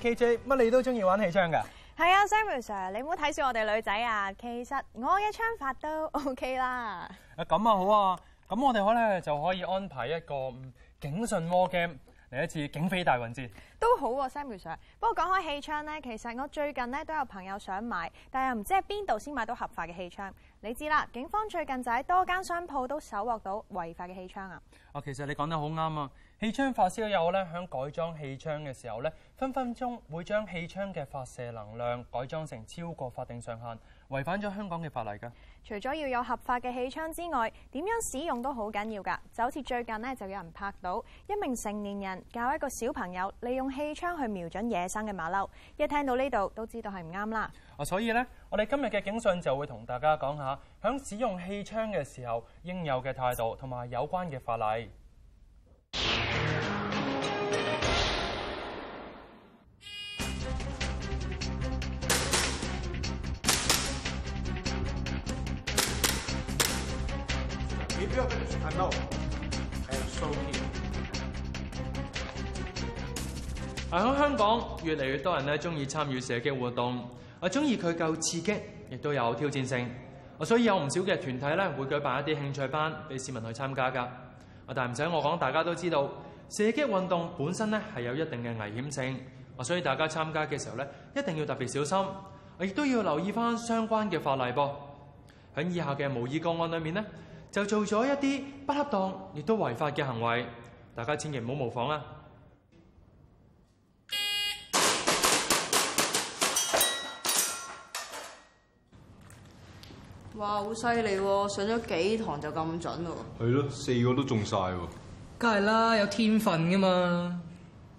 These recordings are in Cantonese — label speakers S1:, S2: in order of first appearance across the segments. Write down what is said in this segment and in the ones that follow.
S1: KJ，乜你都中意玩氣槍噶？
S2: 係啊 Samuel sir，你唔好睇小我哋女仔啊！其實我嘅槍法都 OK 啦。
S1: 咁啊，啊好啊，咁我哋可能就可以安排一個、嗯、警訊 war game 嚟一次警匪大混戰。
S2: 都好喎 Samuel sir。不過講開氣槍咧，其實我最近咧都有朋友想買，但係又唔知喺邊度先買到合法嘅氣槍。你知啦，警方最近就喺多間商鋪都搜獲到違法嘅氣槍啊。
S1: 啊，其實你講得好啱啊！氣槍發燒友咧，喺改裝氣槍嘅時候咧，分分鐘會將氣槍嘅發射能量改裝成超過法定上限，違反咗香港嘅法
S3: 例噶。
S2: 除咗要有合法嘅氣槍之外，點樣使用都好緊要噶。就好似最近咧，就有人拍到一名成年人教一個小朋友利用氣槍去瞄準野生嘅馬騮，一聽到呢度都知道係唔啱啦。
S1: 哦，所以咧，我哋今日嘅警訊就會同大家講下，喺使用氣槍嘅時候應有嘅態度同埋有關嘅法例。喺、no，香港，越嚟越多人咧中意參與射擊活動。啊中意佢夠刺激，亦都有挑戰性。啊所以有唔少嘅團體咧會舉辦一啲興趣班俾市民去參加噶。啊，但係唔使我講，大家都知道射擊運動本身咧係有一定嘅危險性。啊所以大家參加嘅時候咧一定要特別小心，啊亦都要留意翻相關嘅法例噃。喺以下嘅模擬個案裏面咧。就做咗一啲不恰當亦都違法嘅行為，大家千祈唔好模仿啦！
S2: 哇，好犀利喎！上咗幾堂就咁準咯喎！
S4: 係咯，四個都中晒喎！
S1: 梗係啦，有天分噶嘛。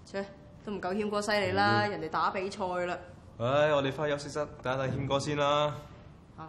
S2: 切，都唔夠謙哥犀利啦！人哋打比賽啦！
S5: 唉、哎，我哋翻去休息室等一等謙哥先啦。
S2: 吓！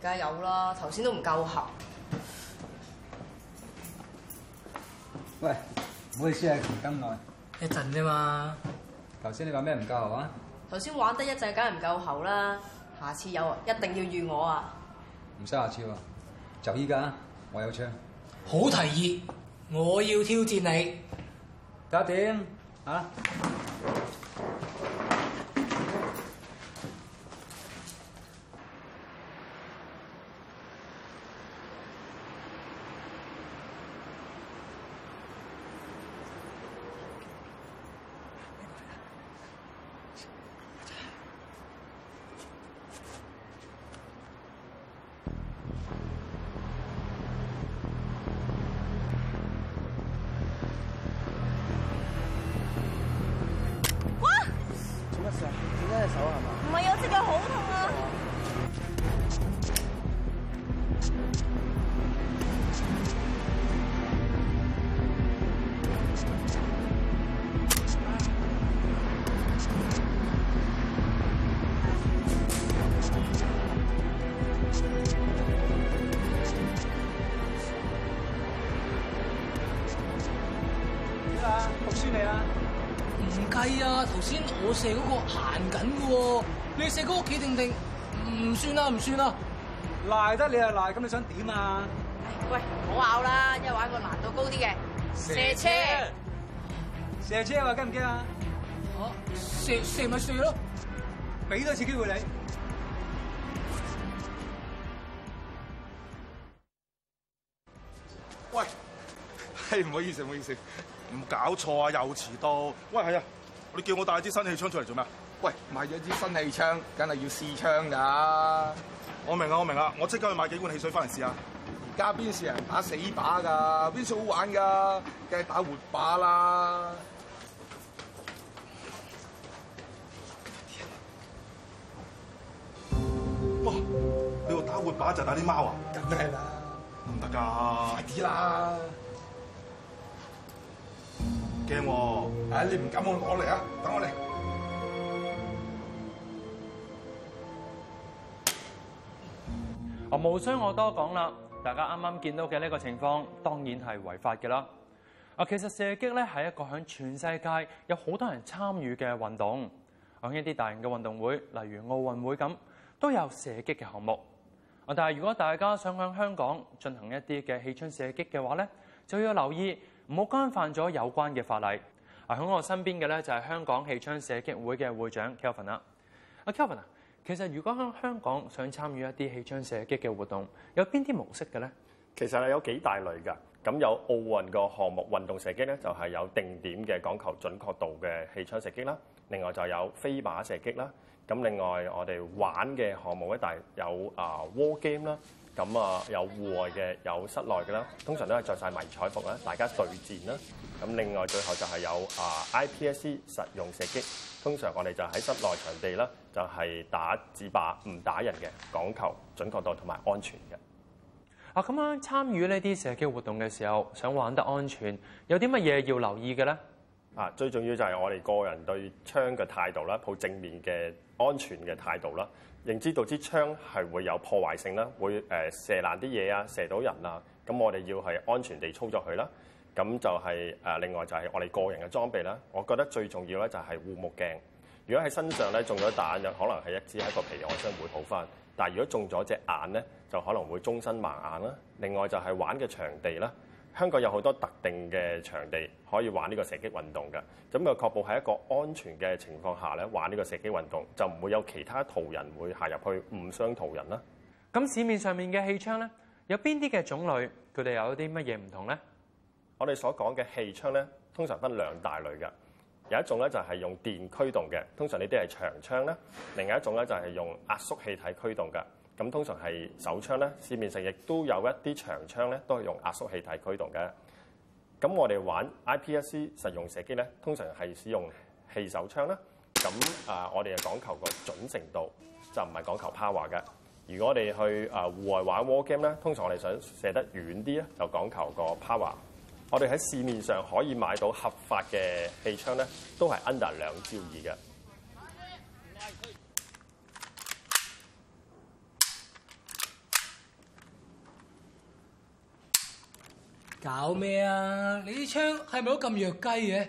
S2: 梗係有啦，頭先都唔夠喉。
S1: 喂，唔好意思啊，等咁耐。一陣啫嘛。頭先你話咩唔夠喉啊？
S2: 頭先玩得一陣梗係唔夠喉啦，下次有一定要預我啊。
S1: 唔使下次喎，就依家，
S3: 我有槍。
S1: 好提議，我要挑戰你看看，
S6: 搞掂啊？
S1: 讀書未啊？唔計啊！頭先我射嗰個行緊噶，你射嗰屋企定定？唔算啦，唔算啦！賴得你啊賴，咁你想點啊？唉，
S2: 喂，唔好拗啦，因為玩個難度高啲嘅
S1: 射車，射車怕怕啊，驚唔驚啊？吓，射射咪射咯，俾多次機會你。
S6: 喂，係唔好意思，唔好意思。唔搞錯啊！又遲到。喂，係啊！你叫我帶支新氣槍出嚟做咩啊？喂，買咗支新氣槍，梗係要試槍㗎。我明啊，我明啊，我即刻去買幾罐汽水翻嚟試下。而家邊時人打死靶㗎？邊時好玩㗎？梗係打活靶啦。哇！你話打活靶就打啲貓啊？梗係啦，唔得㗎，快啲啦！驚啊，
S1: 你唔敢我攞嚟啊！等我嚟啊！無需我多講啦，大家啱啱見到嘅呢個情況當然係違法嘅啦。啊，其實射擊咧係一個喺全世界有好多人參與嘅運動，響一啲大型嘅運動會，例如奧運會咁，都有射擊嘅項目。啊，但係如果大家想響香港進行一啲嘅氣槍射擊嘅話咧，就要留意。唔好干犯咗有關嘅法例。啊，喺我身邊嘅咧就係香港氣槍射擊會嘅會長 Kevin 啦，啊。阿 Kevin 啊，其
S4: 實如果喺香港想參與一啲氣槍射擊嘅活動，有邊啲模式嘅咧？其實係有幾大類㗎。咁有奧運個項目運動射擊咧，就係、是、有定點嘅講求準確度嘅氣槍射擊啦。另外就有飛靶射擊啦。咁另外我哋玩嘅項目咧，大有啊 War Game 啦。咁啊，有戶外嘅，有室內嘅啦。通常都係着晒迷彩服啦，大家對戰啦。咁另外，最後就係有啊 IPSC 實用射擊。通常我哋就喺室內場地啦，就係打紙靶，唔打人嘅，講求準確度同埋安全嘅。
S1: 啊，咁樣、啊、參
S4: 與呢啲射擊活動嘅時候，想玩得安全，有啲乜嘢要留意嘅咧？啊，最重要就係我哋個人對槍嘅態度啦，抱正面嘅安全嘅態度啦。認知到支槍係會有破壞性啦，會誒射爛啲嘢啊，射到人啊，咁我哋要係安全地操作佢啦。咁就係誒，另外就係我哋個人嘅裝備啦。我覺得最重要咧就係護目鏡。如果喺身上咧中咗彈，有可能係一支喺個皮外傷會好返，但係如果中咗隻眼咧，就可能會終身盲眼啦。另外就係玩嘅場地啦。香港有好多特定嘅場地可以玩呢個射擊運動嘅，咁就確保喺一個安全嘅情況下咧玩呢個射擊運動，就唔會有其他途人會行入去誤傷途人啦。咁市面上面嘅氣槍咧，有邊啲嘅種類？佢哋有啲乜嘢唔同呢？我哋所講嘅氣槍咧，通常分兩大類嘅，有一種咧就係用電驅動嘅，通常呢啲係長槍啦；另外一種咧就係用壓縮氣體驅動嘅。咁通常係手槍咧，市面上亦都有一啲長槍咧，都係用壓縮氣體驅動嘅。咁我哋玩 IPSC 實用射擊咧，通常係使用氣手槍啦。咁啊、呃，我哋係講求個準程度，就唔係講求 power 嘅。如果我哋去啊、呃、戶外玩 war game 咧，通常我哋想射得遠啲咧，就講求個 power。我哋喺市面上可以買到合法嘅氣槍咧，都係 under 兩焦耳嘅。
S1: 搞咩啊？你啲槍係咪都咁弱雞嘅？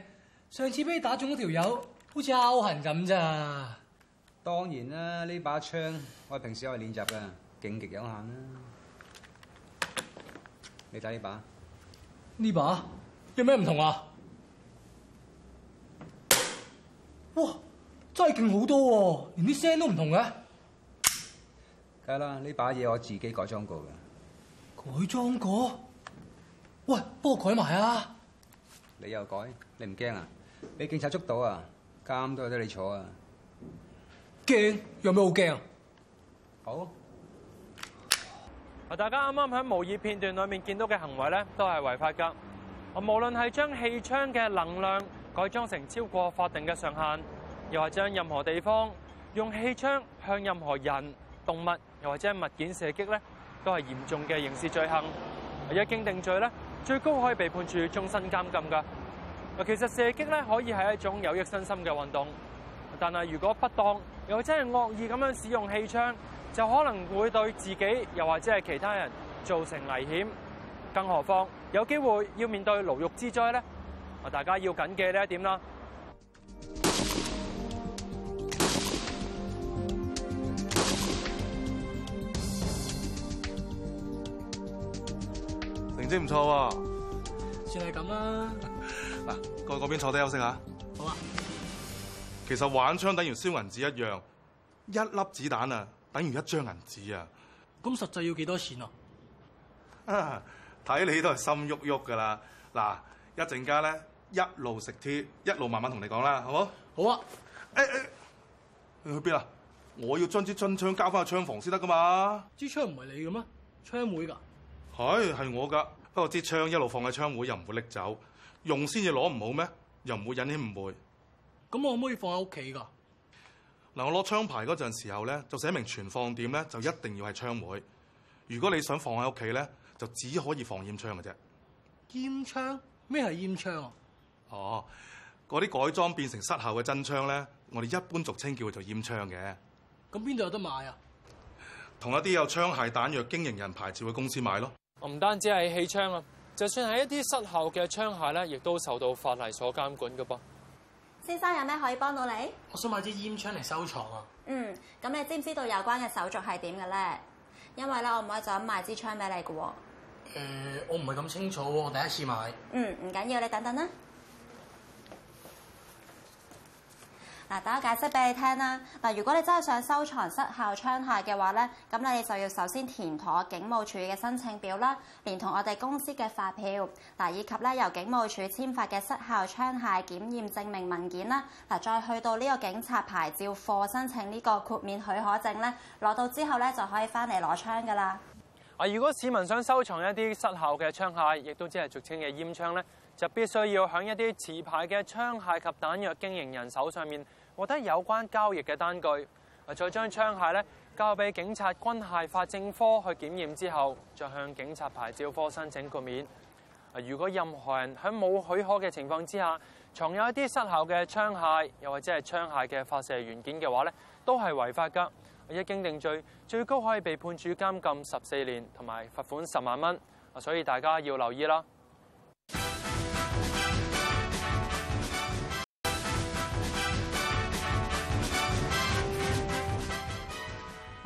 S1: 上次俾你打中嗰條友，好似拗痕咁咋？當然啦，呢把槍我平時可以練習嘅，勁極有限啦。你睇呢把？呢把有咩唔同啊？
S6: 哇，真係勁好多喎，連啲聲都唔同嘅。
S1: 梗係啦，呢把嘢我自己改裝過
S6: 嘅。改裝過？
S1: 喂，幫我改埋啊！你又改？你唔驚啊？俾警察捉到啊，監都有得你坐啊！驚？有咩好驚？好！大家啱啱喺模擬片段裏面見到嘅行為咧，都係違法噶。我無論係將氣槍嘅能量改裝成超過法定嘅上限，又或者喺任何地方用氣槍向任何人、動物又或者物件射擊咧，都係嚴重嘅刑事罪行。一經定罪咧。最高可以被判處終身監禁㗎。嗱，其實射擊咧可以係一種有益身心嘅運動，但係如果不當，又或者係惡意咁樣使用氣槍，就可能會對自己又或者係其他人造成危險。更何況有機會要面對牢獄之災呢？啊，大家要緊記呢一點啦。
S6: 唔知唔錯喎、啊，算係咁啦。嗱，過嗰邊坐低休息下。好啊。其實玩槍等於燒銀紙一樣，一粒子彈啊，等於一張銀紙啊。咁實際要幾多錢啊？睇、啊、你都係心喐喐噶啦。嗱，一陣間咧，一路食鐵，一路慢慢同你講啦，好冇？好啊。誒誒、哎哎，去邊啊？我要將支樽槍交翻去槍房先得噶嘛。支槍唔係你嘅咩？槍會噶？係係、哎、我噶。不過支槍一路放喺槍會又唔會拎走，用先至攞唔好咩？又唔會引起誤會。
S1: 咁我可唔可以放喺屋企噶？
S6: 嗱，我攞槍牌嗰陣時候咧，就寫明存放點咧，就一定要係槍會。如果你想放喺屋企咧，就只可以放煙槍嘅啫。
S1: 煙槍？咩係煙槍
S6: 啊？哦，嗰啲改裝變成失效嘅真槍咧，我哋一般俗稱叫做煙槍嘅。咁邊度有得買啊？同一啲有槍械彈藥經營人牌照嘅公司買咯。唔單止
S1: 係氣槍啊，就算係一啲失效嘅槍械咧，亦都受到法例所監管嘅噃。
S2: 先生有咩可以幫到你？
S1: 我想買一支煙槍嚟收藏啊。嗯，
S2: 咁你知唔知道有關嘅手續係點嘅咧？因為咧、呃，我唔可以就咁買支槍俾你嘅。誒，我
S6: 唔係咁清楚喎，第一次買。
S2: 嗯，唔緊要，你等等啦。嗱，大家解釋俾你聽啦。嗱，如果你真係想收藏失效槍械嘅話咧，咁你就要首先填妥警務處嘅申請表啦，連同我哋公司嘅發票，嗱，以及咧由警務處簽發嘅失效槍械檢驗證明文件啦。嗱，再去到呢個警察牌照課申請呢個豁免許可證咧，攞到之後咧就可以返嚟攞槍㗎啦。
S1: 啊，如果市民想收藏一啲失效嘅槍械，亦都只係俗稱嘅閹槍咧，就必須要響一啲持牌嘅槍械及彈藥經營人手上面。獲得有關交易嘅單據，再將槍械咧交俾警察軍械法證科去檢驗之後，再向警察牌照科申請豁免。如果任何人喺冇許可嘅情況之下藏有一啲失效嘅槍械，又或者係槍械嘅發射元件嘅話咧，都係違法噶。一經定罪，最高可以被判處監禁十四年同埋罰款十萬蚊。所以大家要留意啦。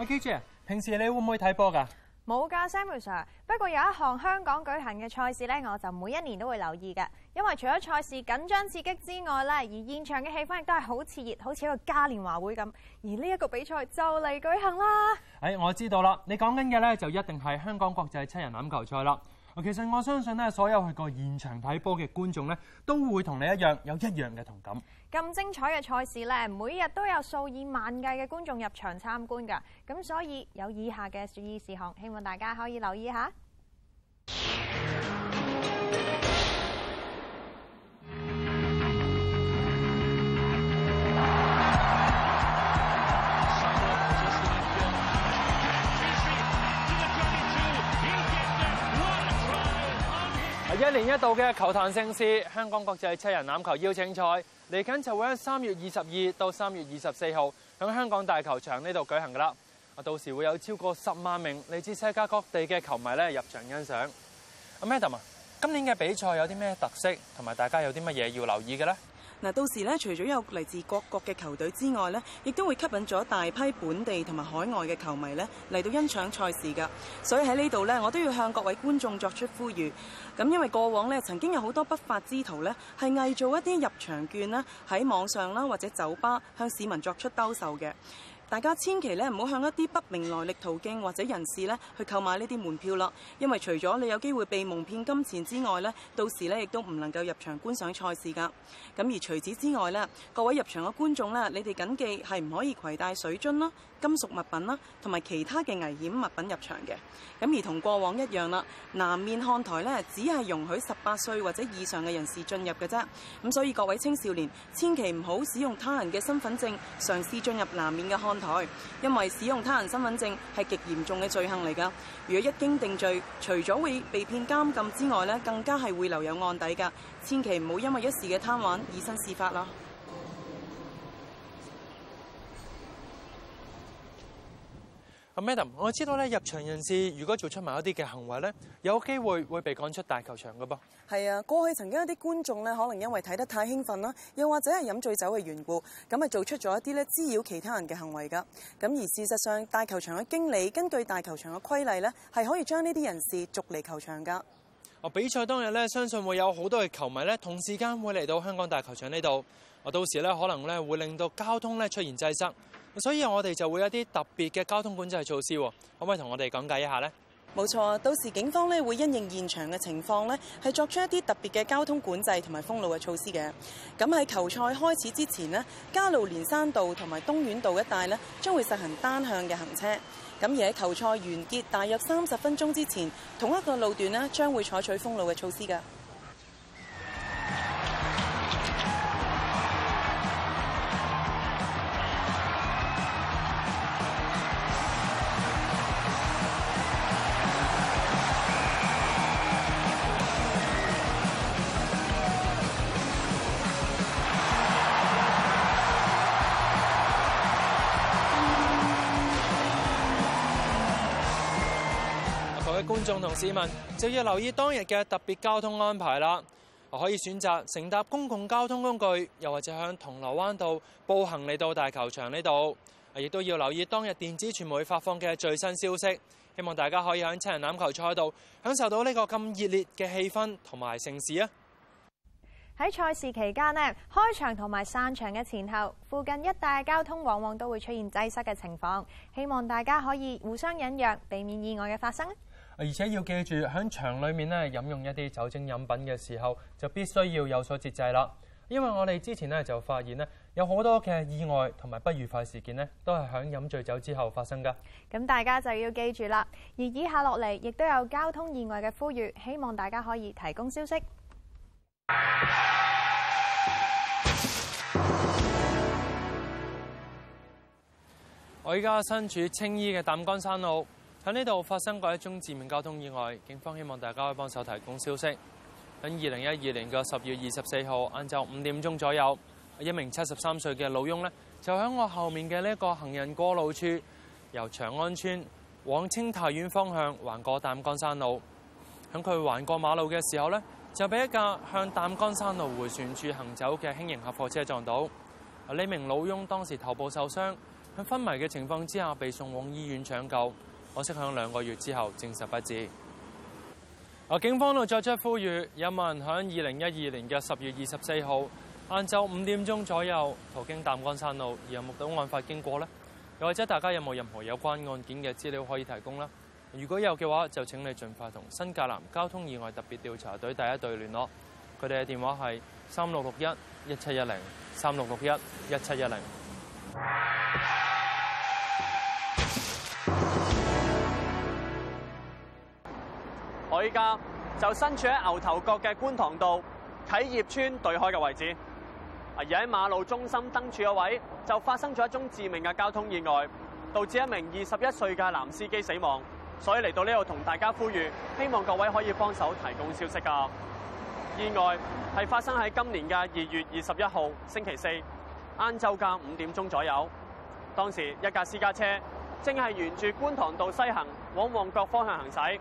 S1: 記住，平時你會唔會睇波㗎？
S2: 冇㗎，Samuel sir。不過有一項香港舉行嘅賽事咧，我就每一年都會留意嘅。因為除咗賽事緊張刺激之外咧，而現場嘅氣氛亦都係好熾熱，好似一個嘉年華會咁。而呢一個比賽就嚟舉行啦！
S1: 誒、哎，我知道啦，你講緊嘅咧就一定係香港國際七人欖球賽啦。其實我相信咧，所有去過現場睇波嘅觀眾咧，都會同你一樣有一樣嘅同
S3: 感。
S2: 咁精彩嘅賽事咧，每日都有數以萬計嘅觀眾入場參觀㗎，咁所以有以下嘅注意事項，希望大家可以留意下。
S1: 一年一度嘅球壇盛事——香港國際七人欖球邀請賽，嚟緊就會喺三月二十二到三月二十四號喺香港大球場呢度舉行噶啦。啊，到時會有超過十萬名嚟自世界各地嘅球迷咧入場欣賞。
S3: 阿 Madam 啊，今年嘅比賽有啲咩特色，同埋大家有啲乜嘢要留意嘅呢？嗱，到時咧，除咗有嚟自各國嘅球隊之外咧，亦都會吸引咗大批本地同埋海外嘅球迷咧嚟到欣賞賽事噶。所以喺呢度呢，我都要向各位觀眾作出呼籲。咁因為過往呢，曾經有好多不法之徒呢，係偽造一啲入場券呢，喺網上啦或者酒吧向市民作出兜售嘅。大家千祈咧唔好向一啲不明來歷途徑或者人士咧去購買呢啲門票咯，因為除咗你有機會被蒙騙金錢之外咧，到時咧亦都唔能夠入場觀賞賽事噶。咁而除此之外咧，各位入場嘅觀眾咧，你哋緊記係唔可以攜帶水樽啦、金屬物品啦，同埋其他嘅危險物品入場嘅。咁而同過往一樣啦，南面看台咧只係容許十八歲或者以上嘅人士進入嘅啫。咁所以各位青少年，千祈唔好使用他人嘅身份證嘗試進入南面嘅看台。台，因為使用他人身份證係極嚴重嘅罪行嚟噶。如果一經定罪，除咗會被判監禁之外咧，更加係會留有案底噶。千祈唔好因為一時嘅貪玩，以身試法啦。
S1: 阿 Madam，我知道咧入場人士如果做出某一啲嘅行為咧，有機會會被趕出大球場噶噃。
S3: 係啊，過去曾經有一啲觀眾咧，可能因為睇得太興奮啦，又或者係飲醉酒嘅緣故，咁啊做出咗一啲咧滋擾其他人嘅行為噶。咁而事實上，大球場嘅經理根據大球場嘅規例咧，係可以將呢啲人士逐離球場噶。
S1: 哦，比賽當日咧，相信會有好多嘅球迷咧，同時間會嚟到香港大球場呢度。啊，到時咧可能咧會令到交通咧出現擠塞。所以我哋就會有一啲特別嘅交通管制措施，可唔可以同我哋講解一下呢？
S3: 冇錯，到時警方呢會因應現場嘅情況呢，係作出一啲特別嘅交通管制同埋封路嘅措施嘅。咁喺球賽開始之前呢，加路連山道同埋東院道一帶呢，將會實行單向嘅行車。咁而喺球賽完結大約三十分鐘之前，同一個路段呢，將會採取封路嘅措施㗎。
S1: 觀眾同市民就要留意當日嘅特別交通安排啦。可以選擇乘搭公共交通工具，又或者向銅鑼灣道步行嚟到大球場呢度。亦都要留意當日電子傳媒發放嘅最新消息。希望大家可以喺七人欖球賽度享受到呢個咁熱烈嘅氣氛同埋盛事啊！
S2: 喺賽事期間咧，開場同埋散場嘅前後，附近一帶交通往往都會出現擠塞嘅情況。希望大家可以互相忍讓，避免意外嘅發生。
S1: 而且要記住，喺場裏面咧飲用一啲酒精飲品嘅時候，就必須要有所節制啦。
S2: 因為我哋之前
S1: 咧就發現咧，有好多嘅意外同埋不愉快事件咧，都係喺飲醉酒之後發生噶。
S2: 咁大家就要記住啦。而以下落嚟，亦都有交通意外嘅呼籲，希望大家可以提供消息。
S1: 我依家身處青衣嘅擔桿山路。喺呢度發生過一宗致命交通意外，警方希望大家可以幫手提供消息。喺二零一二年嘅十月二十四號晏晝五點鐘左右，一名七十三歲嘅老翁呢，就喺我後面嘅呢個行人過路處，由長安村往清泰苑方向橫過淡江山路。喺佢橫過馬路嘅時候呢，就俾一架向淡江山路迴旋處行走嘅輕型客貨車撞到。呢名老翁當時頭部受傷，喺昏迷嘅情況之下被送往醫院搶救。可惜刻響兩個月之後證實不治。啊，警方又作出呼籲：有冇人響二零一二年嘅十月二十四號晏晝五點鐘左右途經淡江山路而有目睹案發經過呢？又或者大家有冇任何有關案件嘅資料可以提供呢？如果有嘅話，就請你儘快同新界南交通意外特別調查隊第一隊聯絡。佢哋嘅電話係三六六一一七一零三六六一一七一零。
S5: 我依家就身處喺牛頭角嘅觀塘道啟業村對開嘅位置，而喺馬路中心燈柱嘅位置就發生咗一宗致命嘅交通意外，導致一名二十一歲嘅男司機死亡。所以嚟到呢度同大家呼籲，希望各位可以幫手提供消息。噶，意外係發生喺今年嘅二月二十一號星期四晏晝間五點鐘左右，當時一架私家車正係沿住觀塘道西行往旺角方向行駛。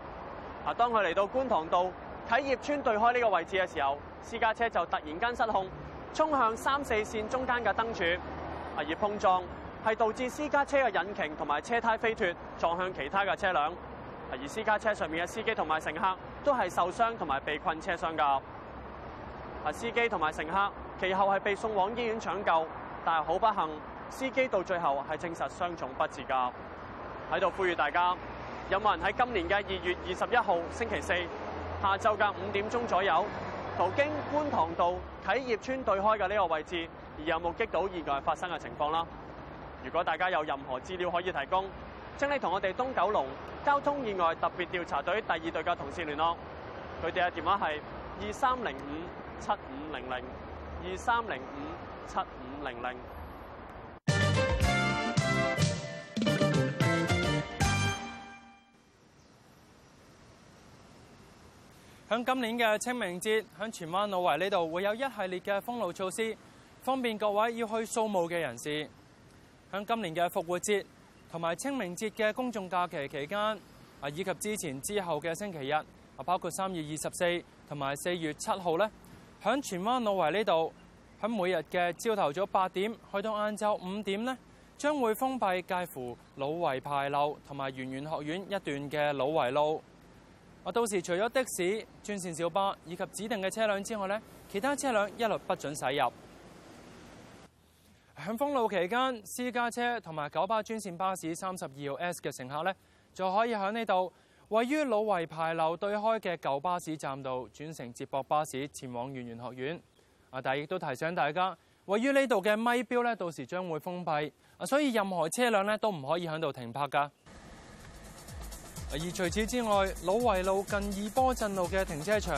S5: 當當佢嚟到觀塘道啟業邨對開呢個位置嘅時候，私家車就突然間失控，衝向三四線中間嘅燈柱，啊，而碰撞係導致私家車嘅引擎同埋車胎飛脱，撞向其他嘅車輛，而私家車上面嘅司機同埋乘客都係受傷同埋被困車廂㗎。啊，司機同埋乘客其後係被送往醫院搶救，但係好不幸，司機到最後係證實傷重不治㗎。喺度呼籲大家。有冇人喺今年嘅二月二十一號星期四下晝嘅五點鐘左右，途經觀塘道啟業邨對開嘅呢個位置，而有目擊到意外發生嘅情況啦？如果大家有任何資料可以提供，請你同我哋東九龍交通意外特別調查隊第二隊嘅同事聯絡，佢哋嘅電話係二三零五七五零零二三零五七五零零。
S1: 喺今年嘅清明節，喺荃灣老圍呢度會有一系列嘅封路措施，方便各位要去掃墓嘅人士。喺今年嘅復活節同埋清明節嘅公眾假期期間，啊，以及之前之後嘅星期日，啊，包括三月二十四同埋四月七號，呢喺荃灣老圍呢度，喺每日嘅朝頭早八點去到晏晝五點呢將會封閉介乎老圍牌樓同埋圓玄學院一段嘅老圍路。我到時除咗的士、專線小巴以及指定嘅車輛之外呢，其他車輛一律不准駛入。響封路期間，私家車同埋九巴專線巴士三十二號 S 嘅乘客呢就可以響呢度位於老圍牌樓，對開嘅舊巴士站度轉乘接駁巴士前往圓玄學院。啊，但亦都提醒大家，位於呢度嘅咪錶呢，到時將會封閉，所以任何車輛呢都唔可以響度停泊噶。而除此之外，老圍路近二陂圳路嘅停車場，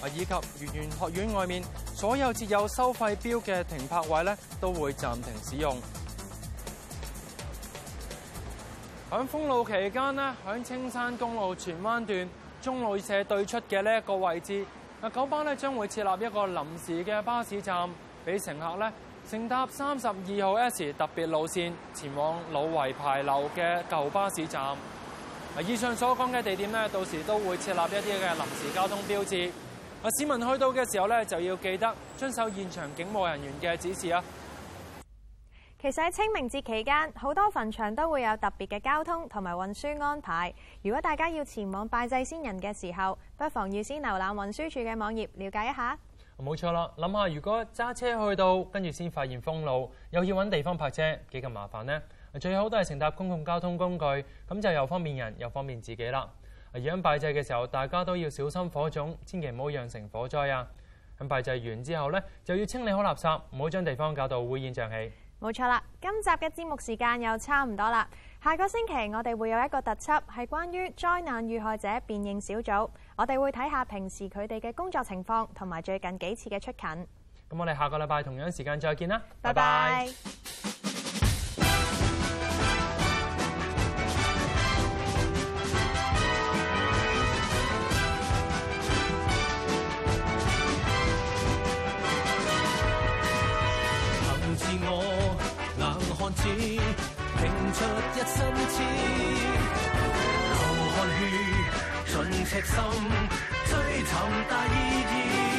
S1: 啊，以及圓玄學院外面所有設有收費錶嘅停泊位咧，都會暫停使用。喺封路期間呢，喺青山公路荃灣段中旅社對出嘅呢一個位置，啊，九巴咧將會設立一個臨時嘅巴士站俾乘客咧。乘搭三十二號 S 特別路線前往老圍牌樓嘅舊巴士站。以上所講嘅地點呢，到時都會設立一啲嘅臨時交通標誌。市民去到嘅時候呢，就要記得遵守現場警務人員嘅指示啊。
S2: 其實喺清明節期間，好多墳場都會有特別嘅交通同埋運輸安排。如果大家要前往拜祭先人嘅時候，不妨預先瀏覽運輸處嘅網頁，了解一下。
S1: 冇錯啦，諗下如果揸車去到，跟住先發現封路，又要揾地方泊車，幾咁麻煩呢？最好都係乘搭公共交通工具，咁就又方便人又方便自己啦。而家拜祭嘅時候，大家都要小心火種，千祈唔好釀成火災啊！咁拜祭完之後呢，就要清理好垃圾，唔好將地方搞到烏煙瘴氣。
S2: 冇錯啦，今集嘅節目時間又差唔多啦。下個星期我哋會有一個特輯，係關於災難遇害者辨認小組。我哋會睇下平時佢哋嘅工作情況，同埋最近幾次嘅出勤。
S1: 咁我哋下個禮拜同樣時間再見啦，拜拜。出一身痴，流汗血，盡赤心，追
S6: 尋大意義。